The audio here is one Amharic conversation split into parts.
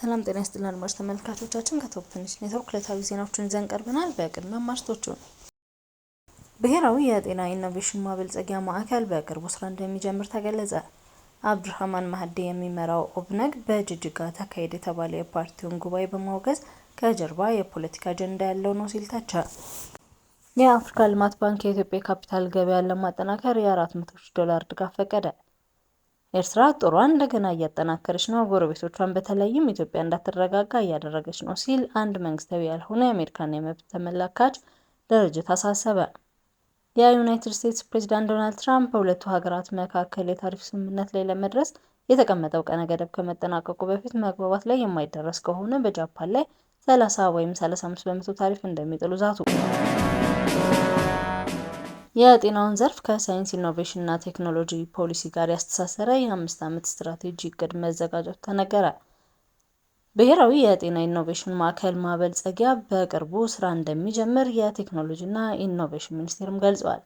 ሰላም ጤና ይስጥልን አድማጭ ተመልካቾቻችን ከቶፕ ትንሽ ኔትወርክ ዕለታዊ ዜናዎችን ይዘን ቀርበናል። በቅድሚያ ማርቶቹ ብሔራዊ የጤና ኢኖቬሽን ማበልጸጊያ ማዕከል በቅርቡ ስራ እንደሚጀምር ተገለጸ። አብዱራህማን ማህዴ የሚመራው ኦብነግ በጅጅጋ ተካሄደ የተባለ የፓርቲውን ጉባኤ በማውገዝ ከጀርባ የፖለቲካ አጀንዳ ያለው ነው ሲል ተቸ። የአፍሪካ ልማት ባንክ የኢትዮጵያ ካፒታል ገበያን ለማጠናከር የ400 ዶላር ድጋፍ ፈቀደ። ኤርትራ ጦሯን እንደገና እያጠናከረች ነው፣ ጎረቤቶቿን በተለይም ኢትዮጵያ እንዳትረጋጋ እያደረገች ነው ሲል አንድ መንግስታዊ ያልሆነ የአሜሪካን የመብት ተመላካች ድርጅት አሳሰበ። የዩናይትድ ስቴትስ ፕሬዚዳንት ዶናልድ ትራምፕ በሁለቱ ሀገራት መካከል የታሪፍ ስምምነት ላይ ለመድረስ የተቀመጠው ቀነ ገደብ ከመጠናቀቁ በፊት መግባባት ላይ የማይደረስ ከሆነ በጃፓን ላይ 30 ወይም 35 በመቶ ታሪፍ እንደሚጥሉ ዛቱ። የጤናውን ዘርፍ ከሳይንስ ኢኖቬሽንና ቴክኖሎጂ ፖሊሲ ጋር ያስተሳሰረ የአምስት ዓመት ስትራቴጂ እቅድ መዘጋጀቱ ተነገረ። ብሔራዊ የጤና ኢኖቬሽን ማዕከል ማበልጸጊያ በቅርቡ ስራ እንደሚጀምር የቴክኖሎጂና ኢኖቬሽን ሚኒስቴርም ገልጿል።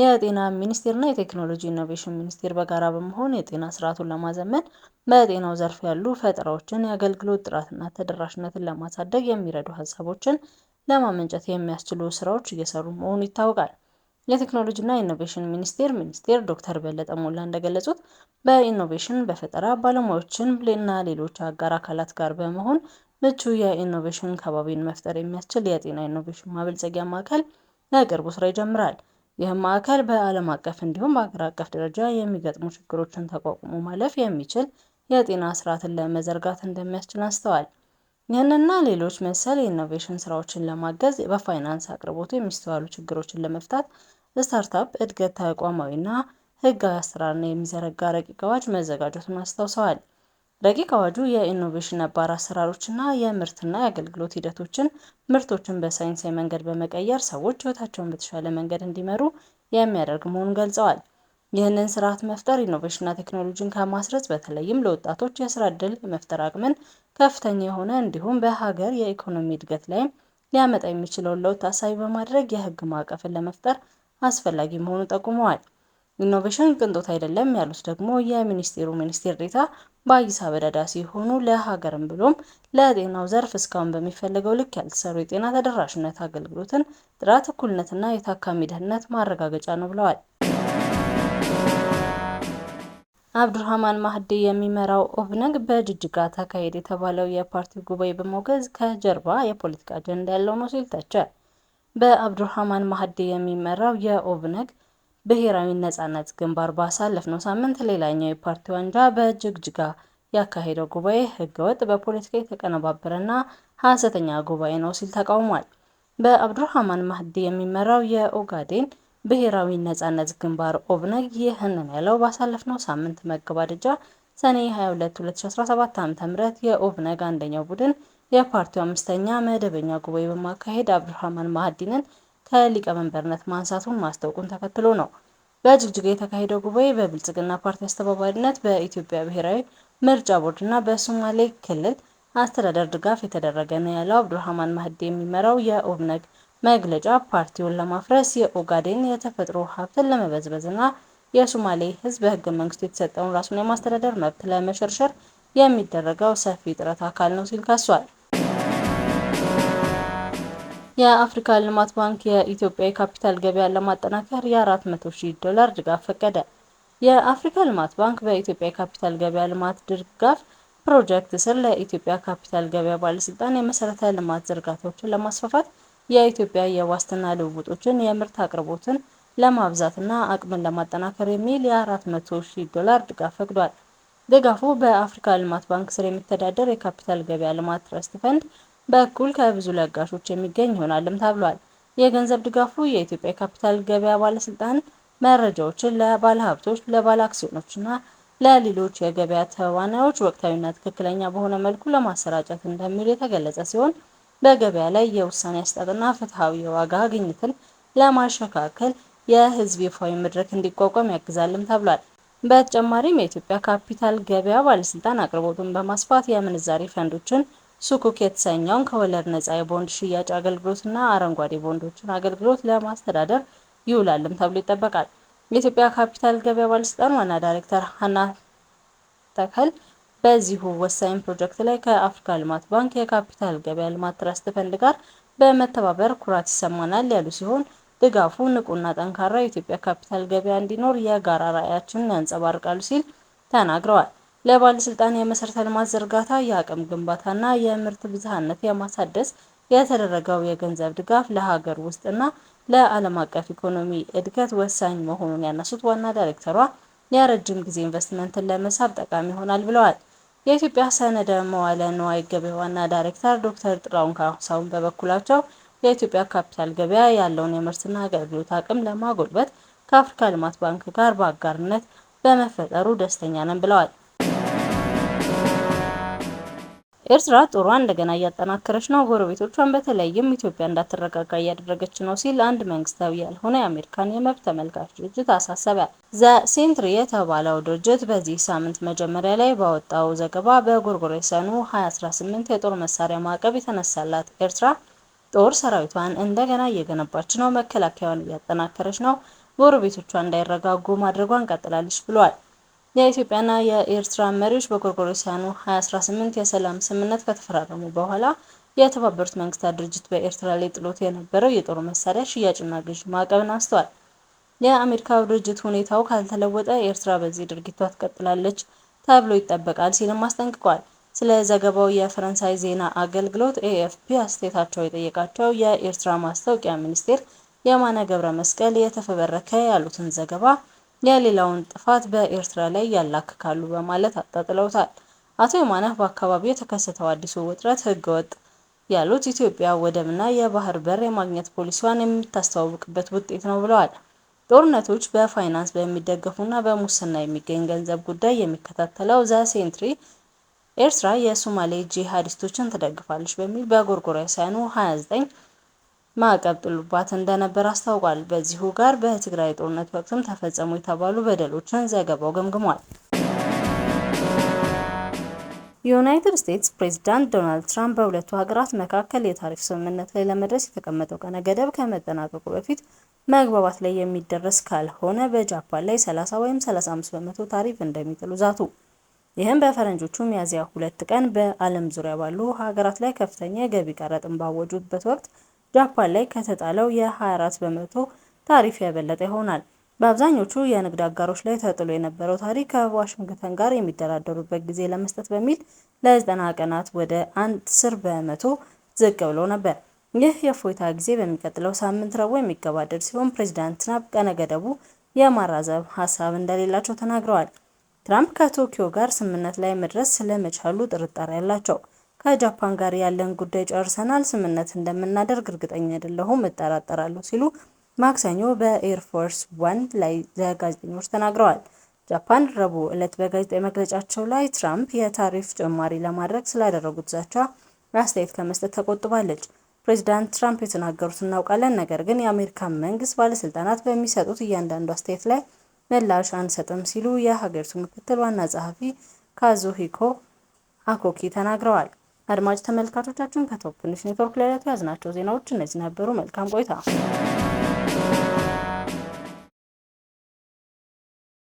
የጤና ሚኒስቴርና የቴክኖሎጂ ኢኖቬሽን ሚኒስቴር በጋራ በመሆን የጤና ስርዓቱን ለማዘመን፣ በጤናው ዘርፍ ያሉ ፈጠራዎችን፣ የአገልግሎት ጥራትና ተደራሽነትን ለማሳደግ የሚረዱ ሀሳቦችን ለማመንጨት የሚያስችሉ ስራዎች እየሰሩ መሆኑ ይታወቃል። የቴክኖሎጂና ኢኖቬሽን ሚኒስቴር ሚኒስቴር ዶክተር በለጠ ሞላ እንደገለጹት በኢኖቬሽን በፈጠራ ባለሙያዎችን እና ሌሎች አጋር አካላት ጋር በመሆን ምቹ የኢኖቬሽን ከባቢን መፍጠር የሚያስችል የጤና ኢኖቬሽን ማበልጸጊያ ማዕከል በቅርቡ ስራ ይጀምራል። ይህም ማዕከል በዓለም አቀፍ እንዲሁም በአገር አቀፍ ደረጃ የሚገጥሙ ችግሮችን ተቋቁሞ ማለፍ የሚችል የጤና ስርዓትን ለመዘርጋት እንደሚያስችል አንስተዋል። ይህንና ሌሎች መሰል የኢኖቬሽን ስራዎችን ለማገዝ በፋይናንስ አቅርቦቱ የሚስተዋሉ ችግሮችን ለመፍታት ስታርታፕ እድገት ተቋማዊና ህጋዊ አሰራርን የሚዘረጋ ረቂቅ አዋጅ መዘጋጀቱን አስታውሰዋል። ረቂቅ አዋጁ የኢኖቬሽን ነባር አሰራሮችና የምርትና የአገልግሎት ሂደቶችን ምርቶችን በሳይንሳዊ መንገድ በመቀየር ሰዎች ህይወታቸውን በተሻለ መንገድ እንዲመሩ የሚያደርግ መሆኑን ገልጸዋል። ይህንን ስርዓት መፍጠር ኢኖቬሽንና ቴክኖሎጂን ከማስረጽ በተለይም ለወጣቶች የስራ ዕድል የመፍጠር አቅምን ከፍተኛ የሆነ እንዲሁም በሀገር የኢኮኖሚ እድገት ላይም ሊያመጣ የሚችለውን ለውጥ ታሳቢ በማድረግ የህግ ማዕቀፍን ለመፍጠር አስፈላጊ መሆኑ ጠቁመዋል። ኢኖቬሽን ቅንጦት አይደለም ያሉት ደግሞ የሚኒስቴሩ ሚኒስቴር ዴታ በአይሳ በዳዳ ሲሆኑ ለሀገርም ብሎም ለጤናው ዘርፍ እስካሁን በሚፈለገው ልክ ያልተሰሩ የጤና ተደራሽነት አገልግሎትን ጥራት፣ እኩልነትና የታካሚ ደህንነት ማረጋገጫ ነው ብለዋል። አብዱራህማን ማህዲ የሚመራው ኦብነግ በጅጅጋ ተካሄደ የተባለው የፓርቲው ጉባኤ በመውገዝ ከጀርባ የፖለቲካ አጀንዳ ያለው ነው ሲል ተቸ። በአብዱራህማን ማህዲ የሚመራው የኦብነግ ብሔራዊ ነጻነት ግንባር ባሳለፍነው ሳምንት ሌላኛው የፓርቲው አንጃ በጅግጅጋ ያካሄደው ጉባኤ ህገወጥ፣ በፖለቲካ የተቀነባበረና ሀሰተኛ ጉባኤ ነው ሲል ተቃውሟል። በአብዱራህማን ማህዲ የሚመራው የኦጋዴን ብሔራዊ ነጻነት ግንባር ኦብነግ ይህንን ያለው ባሳለፍነው ሳምንት መገባደጃ ሰኔ 22 2017 ዓ.ም የኦብነግ አንደኛው ቡድን የፓርቲው አምስተኛ መደበኛ ጉባኤ በማካሄድ አብዱራህማን ማህዲንን ከሊቀመንበርነት ማንሳቱን ማስታወቁን ተከትሎ ነው። በጅግጅጋ የተካሄደው ጉባኤ በብልጽግና ፓርቲ አስተባባሪነት በኢትዮጵያ ብሔራዊ ምርጫ ቦርድና በሶማሌ ክልል አስተዳደር ድጋፍ የተደረገ ነው ያለው አብዱራህማን ማህዲ የሚመራው የኦብነግ መግለጫ ፓርቲውን ለማፍረስ የኦጋዴን የተፈጥሮ ሀብትን ለመበዝበዝና የሶማሌ ህዝብ በህገ መንግስቱ የተሰጠውን ራሱን የማስተዳደር መብት ለመሸርሸር የሚደረገው ሰፊ ጥረት አካል ነው ሲል ከሷል። የአፍሪካ ልማት ባንክ የኢትዮጵያ የካፒታል ገበያን ለማጠናከር የ400 ሺህ ዶላር ድጋፍ ፈቀደ። የአፍሪካ ልማት ባንክ በኢትዮጵያ የካፒታል ገበያ ልማት ድጋፍ ፕሮጀክት ስር ለኢትዮጵያ ካፒታል ገበያ ባለስልጣን የመሰረተ ልማት ዝርጋታዎችን ለማስፋፋት የኢትዮጵያ የዋስትና ልውውጦችን፣ የምርት አቅርቦትን ለማብዛትና አቅምን ለማጠናከር የሚል የ400 ሺህ ዶላር ድጋፍ ፈቅዷል። ድጋፉ በአፍሪካ ልማት ባንክ ስር የሚተዳደር የካፒታል ገበያ ልማት ትረስት ፈንድ በኩል ከብዙ ለጋሾች የሚገኝ ይሆናልም ተብሏል። የገንዘብ ድጋፉ የኢትዮጵያ የካፒታል ገበያ ባለስልጣን መረጃዎችን ለባለ ሀብቶች፣ ለባለ አክሲዮኖችና ለሌሎች የገበያ ተዋናዮች ወቅታዊና ትክክለኛ በሆነ መልኩ ለማሰራጨት እንደሚውል የተገለጸ ሲሆን በገበያ ላይ የውሳኔ አሰጣጥና ፍትሐዊ የዋጋ ግኝትን ለማሸካከል የህዝብ ይፋዊ መድረክ እንዲቋቋም ያግዛልም ተብሏል። በተጨማሪም የኢትዮጵያ ካፒታል ገበያ ባለስልጣን አቅርቦቱን በማስፋት የምንዛሬ ፈንዶችን ሱኩክ የተሰኘውን ከወለድ ነጻ የቦንድ ሽያጭ አገልግሎትና አረንጓዴ ቦንዶችን አገልግሎት ለማስተዳደር ይውላልም ተብሎ ይጠበቃል። የኢትዮጵያ ካፒታል ገበያ ባለስልጣን ዋና ዳይሬክተር ሀና ተከል በዚሁ ወሳኝ ፕሮጀክት ላይ ከአፍሪካ ልማት ባንክ የካፒታል ገበያ ልማት ትረስት ፈንድ ጋር በመተባበር ኩራት ይሰማናል ያሉ ሲሆን ድጋፉ ንቁና ጠንካራ የኢትዮጵያ ካፒታል ገበያ እንዲኖር የጋራ ራዕያችንን ያንጸባርቃሉ ሲል ተናግረዋል። ለባለስልጣን የመሰረተ ልማት ዝርጋታ፣ የአቅም ግንባታና የምርት ብዝሃነት የማሳደስ የተደረገው የገንዘብ ድጋፍ ለሀገር ውስጥና ለዓለም አቀፍ ኢኮኖሚ እድገት ወሳኝ መሆኑን ያነሱት ዋና ዳይሬክተሯ የረጅም ጊዜ ኢንቨስትመንትን ለመሳብ ጠቃሚ ይሆናል ብለዋል። የኢትዮጵያ ሰነደ መዋለ ንዋይ ገበያ ዋና ዳይሬክተር ዶክተር ጥላሁን ካሳሁን በበኩላቸው የኢትዮጵያ ካፒታል ገበያ ያለውን የምርትና አገልግሎት አቅም ለማጎልበት ከአፍሪካ ልማት ባንክ ጋር በአጋርነት በመፈጠሩ ደስተኛ ነን ብለዋል። ኤርትራ ጦሯን እንደገና እያጠናከረች ነው፣ ጎረቤቶቿን በተለይም ኢትዮጵያ እንዳትረጋጋ እያደረገች ነው ሲል አንድ መንግስታዊ ያልሆነ የአሜሪካን የመብት ተመልካች ድርጅት አሳሰበ። ዘ ሴንትሪ የተባለው ድርጅት በዚህ ሳምንት መጀመሪያ ላይ ባወጣው ዘገባ በጎርጎሬሰኑ 2018 የጦር መሳሪያ ማዕቀብ የተነሳላት ኤርትራ ጦር ሰራዊቷን እንደገና እየገነባች ነው፣ መከላከያዋን እያጠናከረች ነው፣ ጎረቤቶቿ እንዳይረጋጉ ማድረጓን ቀጥላለች ብሏል። የኢትዮጵያና የኤርትራ መሪዎች በጎርጎሮሳውያኑ 2018 የሰላም ስምምነት ከተፈራረሙ በኋላ የተባበሩት መንግስታት ድርጅት በኤርትራ ላይ ጥሎት የነበረው የጦር መሳሪያ ሽያጭና ግዥ ማዕቀብን አንስተዋል። የአሜሪካው ድርጅት ሁኔታው ካልተለወጠ ኤርትራ በዚህ ድርጊቷ ትቀጥላለች ተብሎ ይጠበቃል ሲልም አስጠንቅቋል። ስለ ዘገባው የፈረንሳይ ዜና አገልግሎት ኤኤፍፒ አስተያየታቸው የጠየቃቸው የኤርትራ ማስታወቂያ ሚኒስቴር የማነ ገብረ መስቀል የተፈበረከ ያሉትን ዘገባ የሌላውን ጥፋት በኤርትራ ላይ ያላክካሉ በማለት አጣጥለውታል። አቶ የማነህ በአካባቢው የተከሰተው አዲሱ ውጥረት ህገወጥ ያሉት ኢትዮጵያ ወደብና የባህር በር የማግኘት ፖሊሲዋን የምታስተዋውቅበት ውጤት ነው ብለዋል። ጦርነቶች በፋይናንስ በሚደገፉና በሙስና የሚገኝ ገንዘብ ጉዳይ የሚከታተለው ዘ ሴንትሪ ኤርትራ የሶማሌ ጂሃዲስቶችን ትደግፋለች በሚል በጎርጎሮሳውያኑ 29 ማዕቀብ ጥሉባት እንደነበር አስታውቋል። በዚሁ ጋር በትግራይ ጦርነት ወቅትም ተፈጸሙ የተባሉ በደሎችን ዘገባው ገምግሟል። የዩናይትድ ስቴትስ ፕሬዝዳንት ዶናልድ ትራምፕ በሁለቱ ሀገራት መካከል የታሪፍ ስምምነት ላይ ለመድረስ የተቀመጠው ቀነ ገደብ ከመጠናቀቁ በፊት መግባባት ላይ የሚደረስ ካልሆነ በጃፓን ላይ 30 ወይም 35 በመቶ ታሪፍ እንደሚጥሉ ዛቱ። ይህም በፈረንጆቹ ሚያዝያ ሁለት ቀን በዓለም ዙሪያ ባሉ ሀገራት ላይ ከፍተኛ የገቢ ቀረጥን ባወጁበት ወቅት ጃፓን ላይ ከተጣለው የ24 በመቶ ታሪፍ ያበለጠ ይሆናል። በአብዛኞቹ የንግድ አጋሮች ላይ ተጥሎ የነበረው ታሪፍ ከዋሽንግተን ጋር የሚደራደሩበት ጊዜ ለመስጠት በሚል ለ ቀናት ወደ ስር በመቶ ዝቅ ብሎ ነበር። ይህ የእፎይታ ጊዜ በሚቀጥለው ሳምንት ረቡዕ የሚገባደድ ሲሆን ፕሬዚዳንት ትራምፕ ቀነ ገደቡ የማራዘም ሀሳብ እንደሌላቸው ተናግረዋል። ትራምፕ ከቶኪዮ ጋር ስምምነት ላይ መድረስ ስለመቻሉ ጥርጣሬ አላቸው። ከጃፓን ጋር ያለን ጉዳይ ጨርሰናል፣ ስምምነት እንደምናደርግ እርግጠኛ አይደለሁም፣ እጠራጠራለሁ ሲሉ ማክሰኞ በኤርፎርስ ዋን ላይ ለጋዜጠኞች ተናግረዋል። ጃፓን ረቡዕ ዕለት በጋዜጣዊ መግለጫቸው ላይ ትራምፕ የታሪፍ ጭማሪ ለማድረግ ስላደረጉት ዛቻ አስተያየት ከመስጠት ተቆጥባለች። ፕሬዚዳንት ትራምፕ የተናገሩት እናውቃለን፣ ነገር ግን የአሜሪካ መንግስት ባለስልጣናት በሚሰጡት እያንዳንዱ አስተያየት ላይ ምላሽ አንሰጥም ሲሉ የሀገሪቱ ምክትል ዋና ጸሐፊ ካዙሂኮ አኮኪ ተናግረዋል። አድማጭ ተመልካቾቻችን ከቶፕ ትንሽ ኔትወርክ ላይ ያዝናቸው ዜናዎች እነዚህ ነበሩ። መልካም ቆይታ